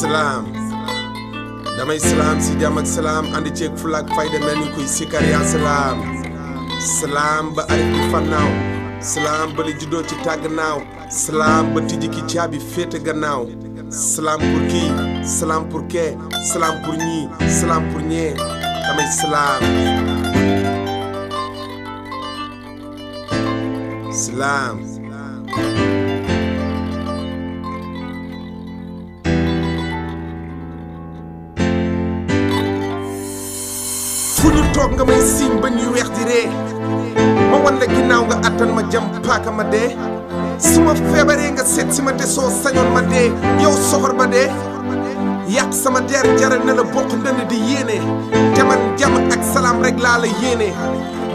salaam damay salaam si jàmm salaam ànd ceeg fulaak fayda mel ni kuy sikar salaam salaam ba arif bi fannaaw salaam ba li ci tàgg naaw salaam ba tijji ki caabi féete gannaaw salaam pour salaam pour salaam pour salaam pour damay salaam salaam fu ñu toog nga may siiñ ba ñuy weex di ree ma wan la ginnaaw nga attan ma jam paaka ma dee su ma feebaree nga seet ma te soo sañoon ma dee yow soxor ba dee yàq sama der jaral na la bokk ndënd di yéene te man jàmm ak salaam rek laa la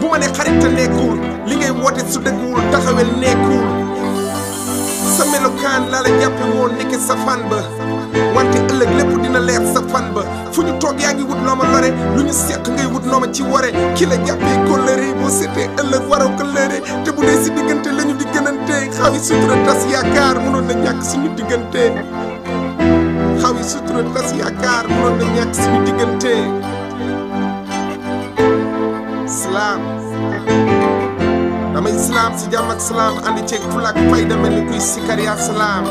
bu ma ne xarit te nekkul li ngay taxawel nekkul sa melokaan laa la jàppe woon nekke sa fan ba wante ëllëg lépp dina leer sa fan ba fu ñu toog yaa ngi wut noo ma lore lu ñu seq ngay wut noo ma ci ware ki la jàppee kóllëre boo seetee ëllëg waroo kóllëre te bu dee si diggante la ñu diggante xaw yi sutura tas yaakaar mënoon na ñàkk suñu diggante xaw si sutura tas yaakaar mënoon na ñàkk suñu diggante salaam damay silaam si jàmm ak salaam andi ceeg fulak fay demel kuy sikar yaa salaam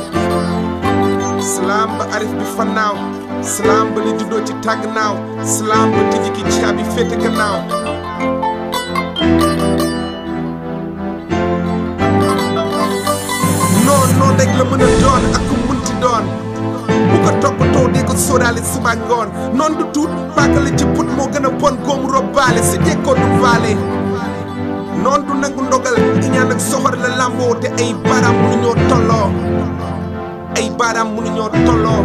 ba arif bi fannaaw salaam ba li juddoo ci tàgg naaw salaam ba tijji ki caabi féete gannaaw noon noon rek la mën a doon ak ku munti doon bu ko toppatoo dee ko sóoraale suba ngoon noon du tuut paaka la ci put moo gën a bon góom robbaale si jekkoo du vaale noon du nangu ndogal iñaan ak soxor la làmboo te ay baaraam mënuñoo tolloo ay baaraam ñoo tolloo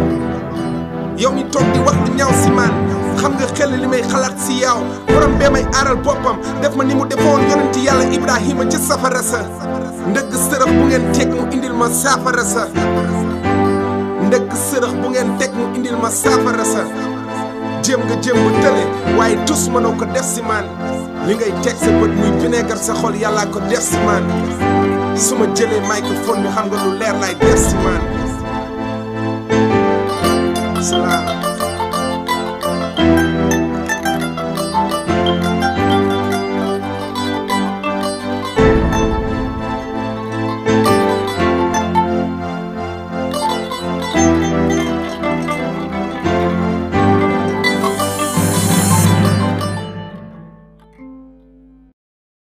yow mi toog di wax di ñaaw si man xam nga xel li may xalaat si yow borom bee may aaral boppam def ma ni mu defoon yonent yàlla Ibrahima ca safara sa ndëgg sërëx bu ngeen teg mu indil ma saafara sa ndëgg sërëx bu ngeen teg mu indil ma saafara sa jéem nga jéem ba tële waaye su tus mënoo ko def si man li ngay teg sa bët muy vinaigre sa xol yàllaa ko def si suma su ma jëlee microphone bi xam nga lu leer lay def si man